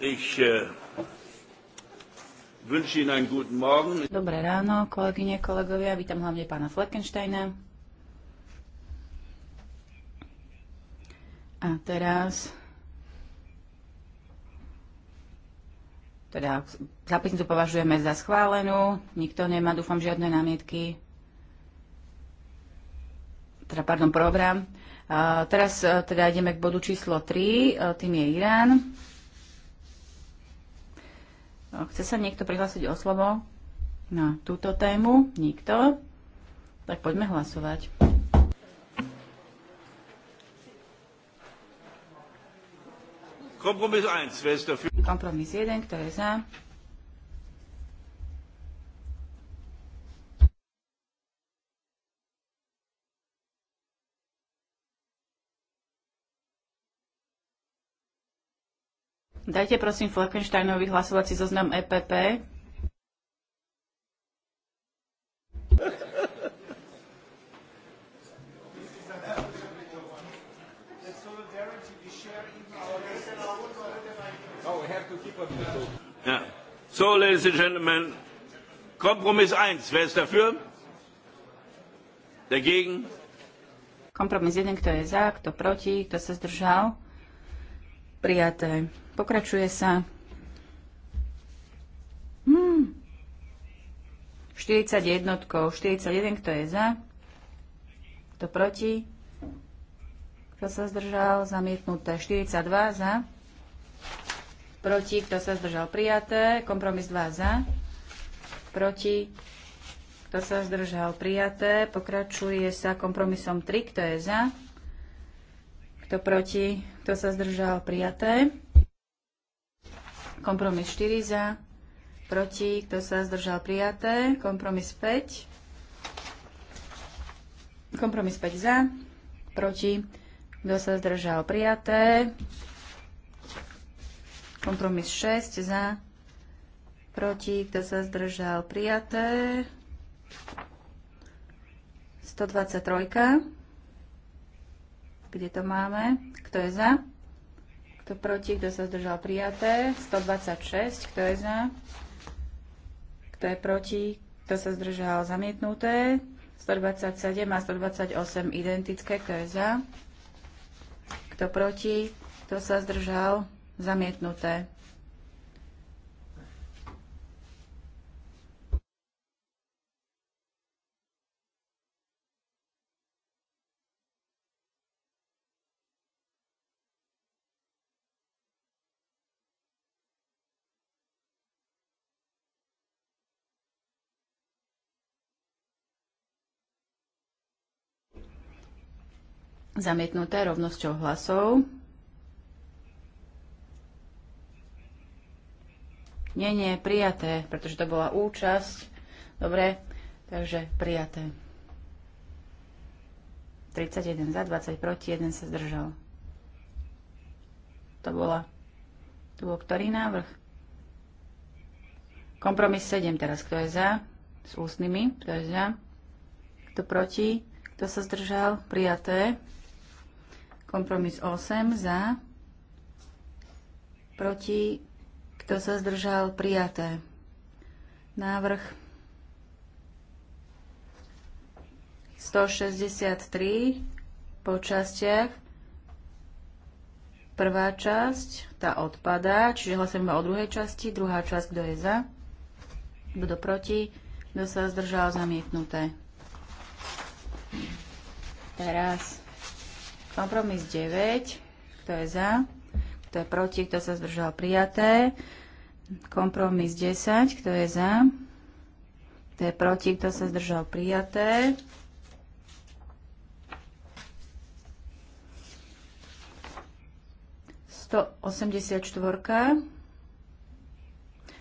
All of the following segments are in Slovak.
Ich äh, wünsche Ihnen einen guten Morgen. Dobré ráno, kolegyne, kolegovia. Vítam hlavne pána Fleckensteina. A teraz teda zápisnicu považujeme za schválenú, nikto nemá, dúfam, žiadne námietky, teda, pardon, program. Teraz e, teda ideme k bodu číslo 3, e, tým je Irán. E, chce sa niekto prihlásiť o slovo na túto tému? Nikto? Tak poďme hlasovať. Kompromis 1, kto je za? Dajte prosím Fleckensteinovi hlasovací zoznam EPP. Ja. So, ladies and gentlemen, Kompromiss 1, wer ist dafür? Dagegen? Kompromis 1, kto je za, kto proti, kto sa zdržal? Prijaté. Pokračuje sa. Hmm. 41, 41, kto je za, kto proti, kto sa zdržal, zamietnuté, 42 za, proti, kto sa zdržal, prijaté, kompromis 2 za, proti, kto sa zdržal, prijaté, pokračuje sa kompromisom 3, kto je za, kto proti, kto sa zdržal, prijaté. Kompromis 4 za, proti, kto sa zdržal prijaté. Kompromis 5. Kompromis 5 za, proti, kto sa zdržal prijaté. Kompromis 6 za, proti, kto sa zdržal prijaté. 123. Kde to máme? Kto je za? Kto proti, kto sa zdržal prijaté. 126, kto je za? Kto je proti, kto sa zdržal zamietnuté. 127 a 128 identické, kto je za? Kto proti, kto sa zdržal zamietnuté. Zamietnuté rovnosťou hlasov. Nie, nie, prijaté, pretože to bola účasť. Dobre, takže prijaté. 31 za, 20 proti, 1 sa zdržal. To bola... Tu bol ktorý návrh? Kompromis 7 teraz. Kto je za? S ústnymi. Kto je za? Kto proti? Kto sa zdržal? Prijaté. Kompromis 8 za, proti, kto sa zdržal, prijaté. Návrh 163 po častiach. Prvá časť, tá odpadá, čiže hlasujeme o druhej časti. Druhá časť, kto je za, kto proti, kto sa zdržal, zamietnuté. Teraz Kompromis 9. Kto je za? Kto je proti? Kto sa zdržal? Prijaté. Kompromis 10. Kto je za? Kto je proti? Kto sa zdržal? Prijaté. Sto štvorka.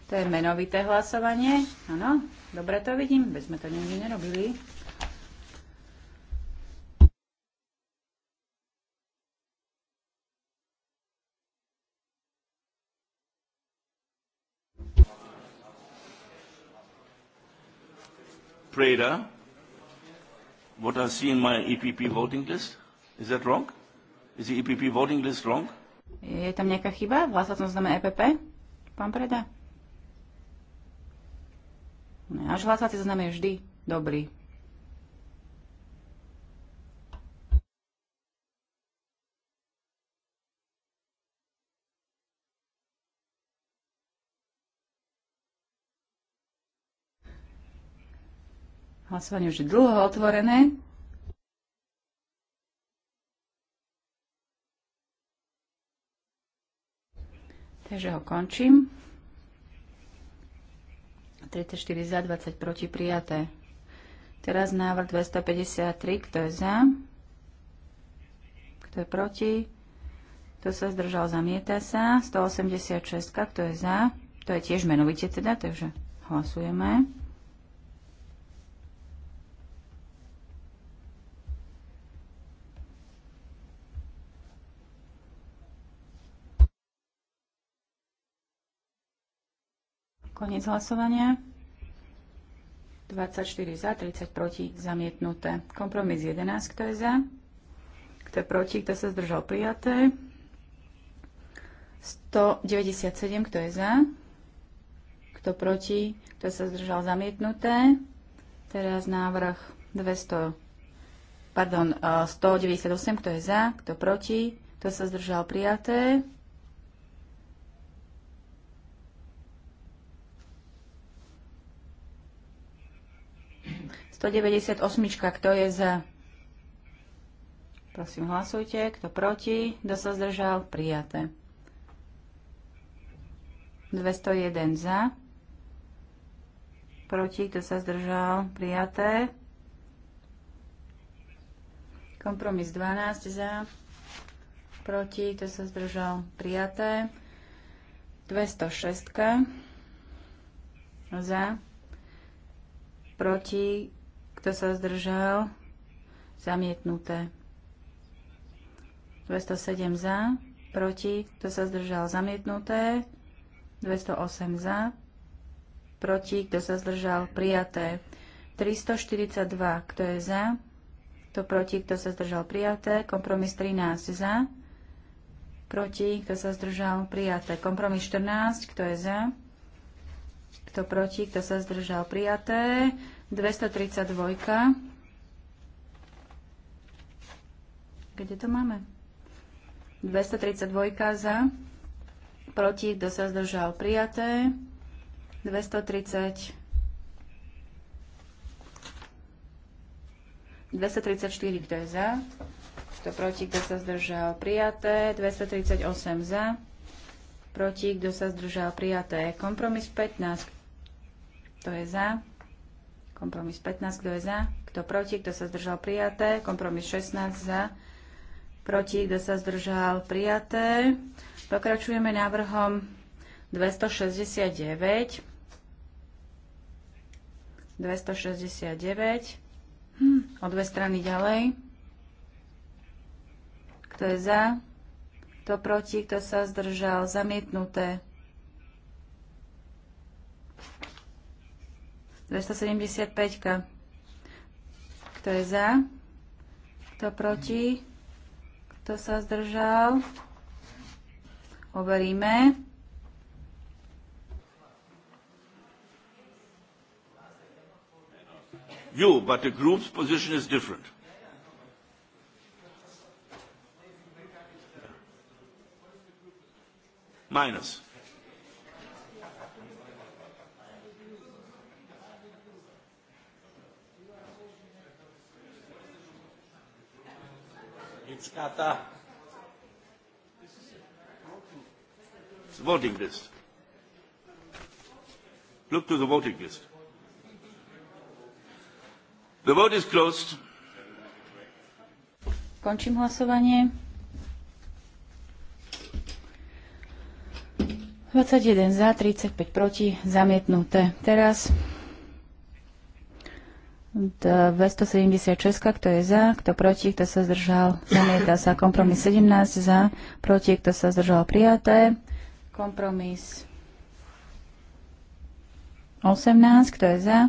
To je menovité hlasovanie. Áno, dobre to vidím, veď sme to nikdy nerobili. Preda, what I see in my EPP voting list. Is that wrong? Is the EPP voting list wrong? Je tam nejaká chyba Vlastne to znamená EPP? Pán Preda? Náš hlasovací zoznam je vždy dobrý. Hlasovanie už je dlho otvorené. Takže ho končím. 34 za, 20 proti prijaté. Teraz návrh 253, kto je za, kto je proti, kto sa zdržal, zamieta sa. 186, kto je za, to je tiež menovite teda, takže hlasujeme. Koniec hlasovania. 24 za, 30 proti, zamietnuté. Kompromis 11, kto je za? Kto je proti, kto sa zdržal prijaté? 197, kto je za? Kto proti, kto sa zdržal zamietnuté? Teraz návrh 200, pardon, 198, kto je za, kto proti, kto sa zdržal prijaté? 198. Kto je za? Prosím, hlasujte. Kto proti? Kto sa zdržal? Prijaté. 201 za. Proti? Kto sa zdržal? Prijaté. Kompromis 12 za. Proti? Kto sa zdržal? Prijaté. 206 za. Proti? Kto sa zdržal? Zamietnuté. 207 za, proti, kto sa zdržal zamietnuté, 208 za, proti, kto sa zdržal prijaté, 342, kto je za, kto proti, kto sa zdržal prijaté, kompromis 13 za, proti, kto sa zdržal prijaté, kompromis 14, kto je za, kto proti, kto sa zdržal prijaté, 232. Kde to máme? 232 za. Proti, kto sa zdržal, prijaté. 230. 234, kto je za. Kto proti, kto sa zdržal, prijaté. 238 za. Proti, kto sa zdržal, prijaté. Kompromis 15. Kto je za? Kompromis 15, kto je za, kto proti, kto sa zdržal prijaté. Kompromis 16 za, proti, kto sa zdržal prijaté. Pokračujeme návrhom 269. 269. Hm, o dve strany ďalej. Kto je za? Kto proti? Kto sa zdržal? Zamietnuté. 275. Kto je za? Kto proti? Kto sa zdržal? Overíme. You, but the group's position is different. Minus. Κατά. It's voting list. Look to the voting list. The vote is closed. Končím hlasovanie. 21 za, 35 proti, zamietnuté. Teraz 276, kto je za, kto proti, kto sa zdržal, zamieta sa. Kompromis 17 za, proti, kto sa zdržal, prijaté. Kompromis 18, kto je za,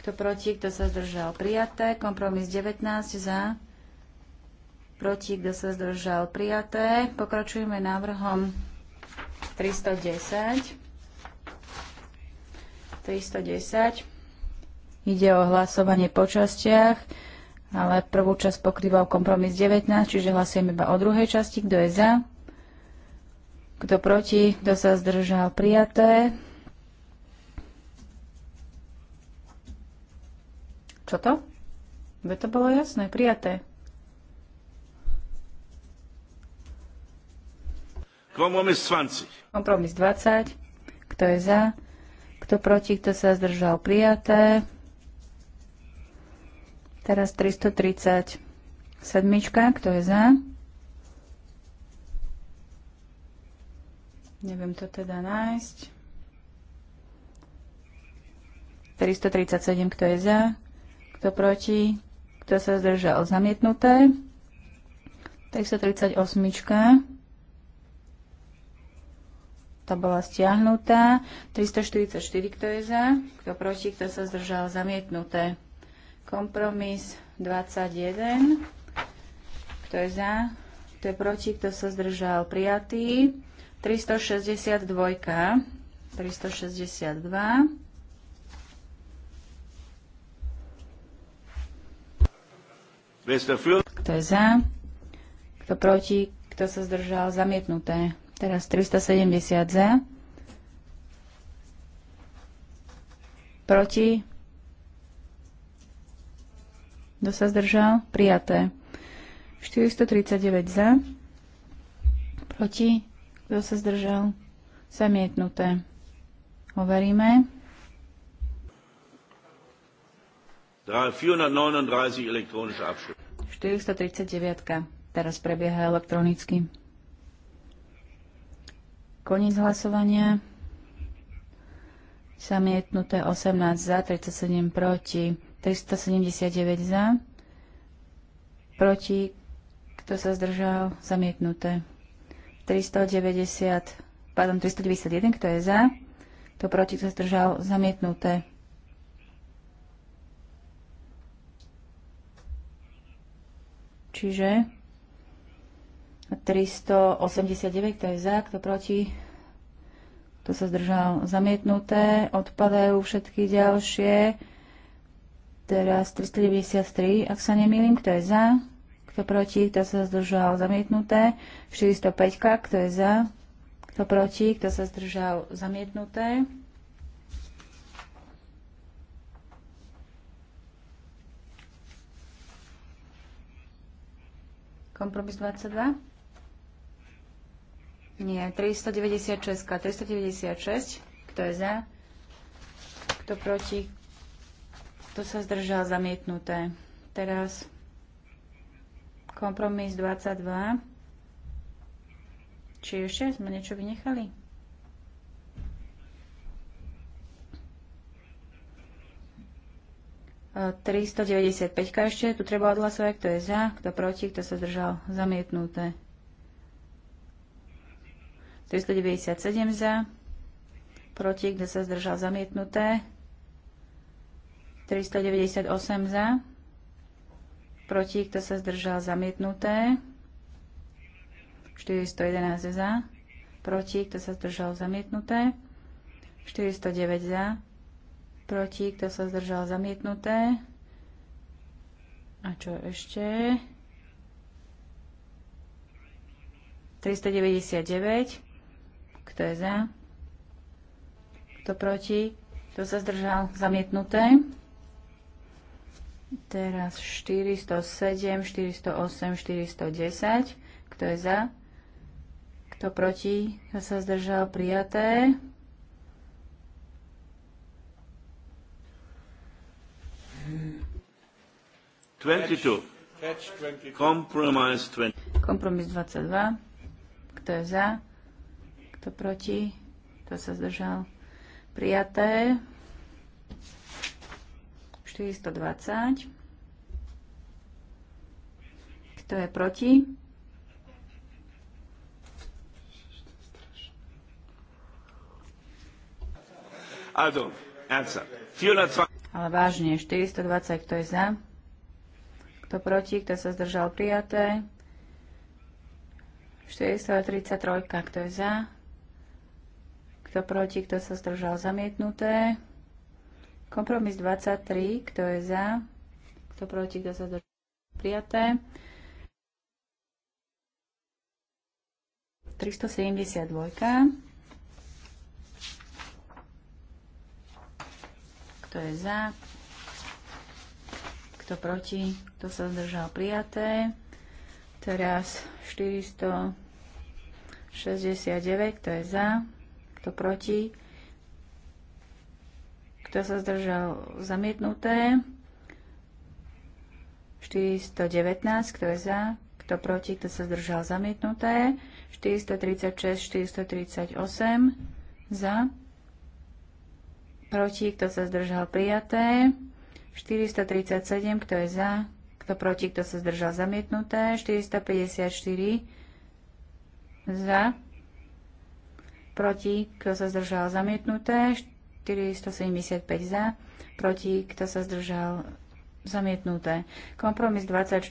kto proti, kto sa zdržal, prijaté. Kompromis 19 za, proti, kto sa zdržal, prijaté. Pokračujeme návrhom 310. 310. Ide o hlasovanie po častiach, ale prvú časť pokrýval kompromis 19, čiže hlasujeme iba o druhej časti. Kto je za? Kto proti? Kto sa zdržal? Prijaté. Čo to? Veď to bolo jasné, prijaté. Kompromis 20. Kompromis 20. Kto je za? Kto proti? Kto sa zdržal? Prijaté. Teraz 330 sedmička, kto je za? Neviem to teda nájsť. 337, kto je za? Kto proti? Kto sa zdržal? Zamietnuté. 338. Tá bola stiahnutá. 344, kto je za? Kto proti? Kto sa zdržal? Zamietnuté. Kompromis 21. Kto je za? Kto je proti? Kto sa zdržal? Prijatý. 362. 362. Kto je za? Kto proti? Kto sa zdržal? Zamietnuté. Teraz 370 za. Proti? Kto sa zdržal? Prijaté. 439 za. Proti? Kto sa zdržal? Zamietnuté. Overíme. 439 439. Teraz prebieha elektronicky. Koniec hlasovania. Zamietnuté 18 za, 37 proti. 379 za, proti, kto sa zdržal, zamietnuté. 390, pardon, 391, kto je za, kto proti, kto sa zdržal, zamietnuté. Čiže 389, kto je za, kto proti, kto sa zdržal, zamietnuté. Odpadajú všetky ďalšie. Teraz 393, ak sa nemýlim, kto je za, kto proti, kto sa zdržal zamietnuté. 405, kto je za, kto proti, kto sa zdržal zamietnuté. Kompromis 22? Nie, 396. 396. Kto je za? Kto proti? Kto sa zdržal? Zamietnuté. Teraz kompromis 22. Či ešte sme niečo vynechali? E, 395 ešte, tu treba odhlasovať, kto je za, kto proti, kto sa zdržal, zamietnuté. 397 za, proti, kto sa zdržal, zamietnuté. 398 za, proti, kto sa zdržal, zamietnuté. 411 za, proti, kto sa zdržal, zamietnuté. 409 za, proti, kto sa zdržal, zamietnuté. A čo ešte? 399. Kto je za? Kto proti? Kto sa zdržal? Zamietnuté. Teraz 407, 408, 410. Kto je za? Kto proti? Kto sa zdržal? Prijaté. Kompromis 22. Kto je za? Kto proti? Kto sa zdržal? Prijaté. 420. Kto je proti? Also, 420. Ale vážne, 420, kto je za? Kto proti? Kto sa zdržal prijaté? 433, kto je za? Kto proti? Kto sa zdržal zamietnuté? Kompromis 23, kto je za, kto proti, kto sa zdržal, prijaté. 372. Kto je za? Kto proti? Kto sa zdržal? Prijaté. Teraz 469. Kto je za? Kto proti? Kto sa zdržal? Zamietnuté. 419. Kto je za? Kto proti? Kto sa zdržal? Zamietnuté. 436, 438. Za. Proti? Kto sa zdržal? Prijaté. 437. Kto je za? Kto proti? Kto sa zdržal? Zamietnuté. 454. Za. Proti? Kto sa zdržal? Zamietnuté. 475 za, proti, kto sa zdržal, zamietnuté. Kompromis 24,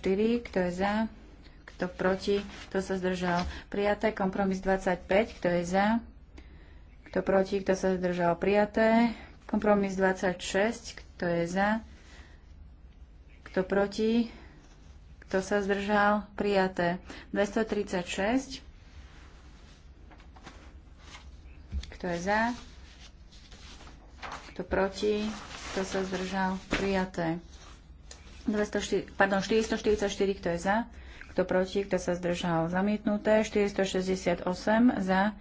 kto je za, kto proti, kto sa zdržal, prijaté. Kompromis 25, kto je za, kto proti, kto sa zdržal, prijaté. Kompromis 26, kto je za, kto proti, kto sa zdržal, prijaté. 236, kto je za, kto proti? Kto sa zdržal? Prijaté. 204, pardon, 444, kto je za? Kto proti? Kto sa zdržal? Zamietnuté. 468 za.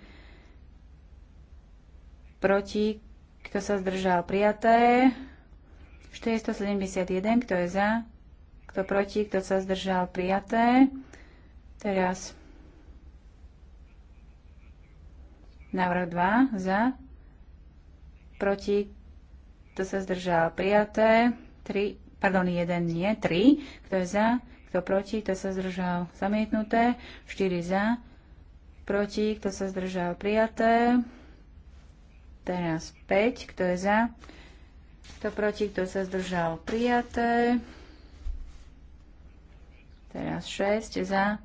Proti? Kto sa zdržal? Prijaté. 471, kto je za? Kto proti? Kto sa zdržal? Prijaté. Teraz návrh 2 za. Proti? Kto sa zdržal? Prijaté. 3, pardon, 1 nie, 3. Kto je za? Kto proti? Kto sa zdržal? Zamietnuté. 4 za. Proti? Kto sa zdržal? Prijaté. Teraz 5. Kto je za? Kto proti? Kto sa zdržal? Prijaté. Teraz 6 za.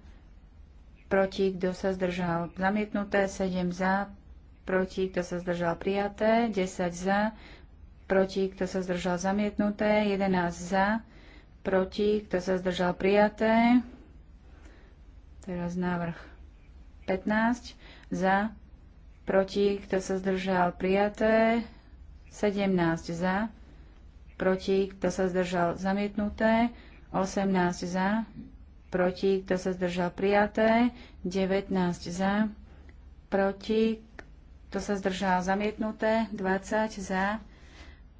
Proti? Kto sa zdržal? Zamietnuté. 7 za. Proti? Kto sa zdržal? Prijaté. 10 za proti, kto sa zdržal zamietnuté, 11 za, proti, kto sa zdržal prijaté. Teraz návrh 15 za, proti, kto sa zdržal prijaté, 17 za, proti, kto sa zdržal zamietnuté, 18 za, proti, kto sa zdržal prijaté, 19 za, proti, kto sa zdržal zamietnuté, 20 za,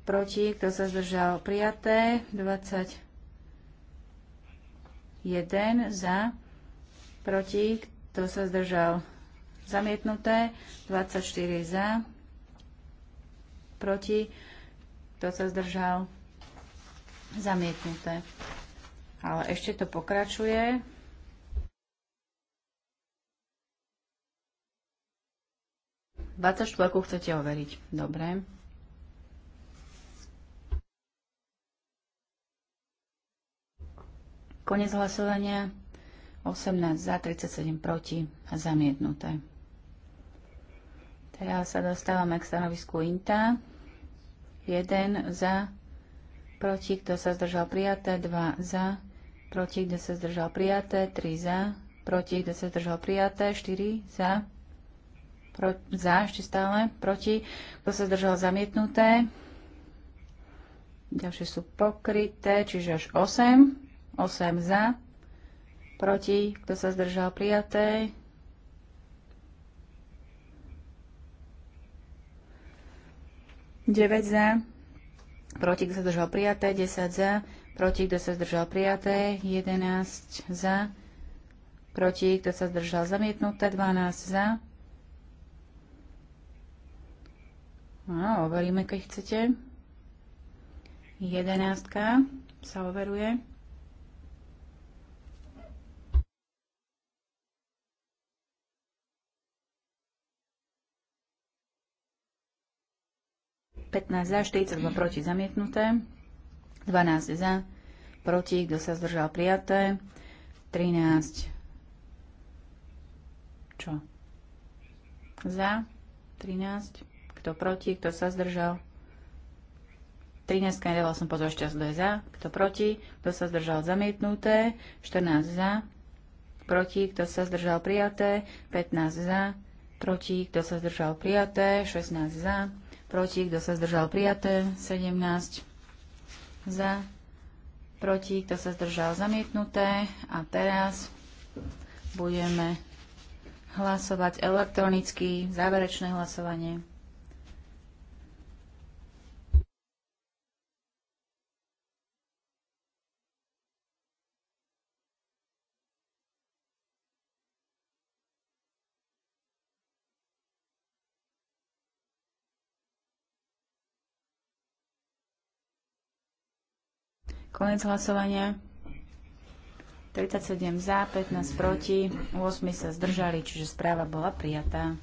proti, kto sa zdržal prijaté, 21 za, proti, kto sa zdržal zamietnuté, 24 za, proti, kto sa zdržal zamietnuté. Ale ešte to pokračuje. Dvadsaťštvorku chcete overiť. Dobre. Konec hlasovania. 18 za, 37 proti a zamietnuté. Teraz sa dostávame k stanovisku INTA. 1 za, proti, kto sa zdržal prijaté, 2 za, proti, kto sa zdržal prijaté, 3 za, proti, kto sa zdržal prijaté, 4 za, pro, za ešte stále, proti, kto sa zdržal zamietnuté, ďalšie sú pokryté, čiže až 8. 8 za, proti, kto sa zdržal prijaté. Deväť za, proti, kto sa zdržal prijaté, 10 za, proti, kto sa zdržal prijaté, 11 za, proti, kto sa zdržal zamietnuté, 12 za. No, overíme, keď chcete. Jedenáctka sa overuje. 15 za, 42 proti zamietnuté, 12 za, proti, kto sa zdržal prijaté, 13 čo? Za, 13, kto proti, kto sa zdržal, 13 nedával som pozor ešte kto je za, kto proti, kto sa zdržal zamietnuté, 14 za, proti, kto sa zdržal prijaté, 15 za, proti, kto sa zdržal prijaté, 16 za, proti, kto sa zdržal prijaté, 17 za, proti, kto sa zdržal zamietnuté. A teraz budeme hlasovať elektronicky, záverečné hlasovanie. Konec hlasovania. 37 za, 15 proti, 8 sa zdržali, čiže správa bola prijatá.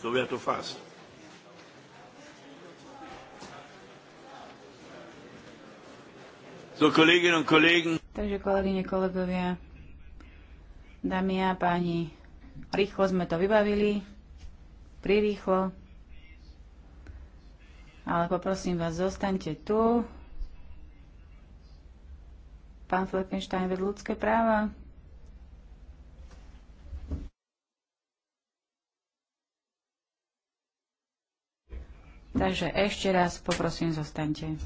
So we have to fast. So, Kolleginnen und Kollegen. Takže kolegyne, kolegovia, dámy a páni, rýchlo sme to vybavili, prirýchlo, ale poprosím vás, zostaňte tu. Pán Fleckenstein ved ľudské práva. Takže ešte raz poprosím, zostaňte.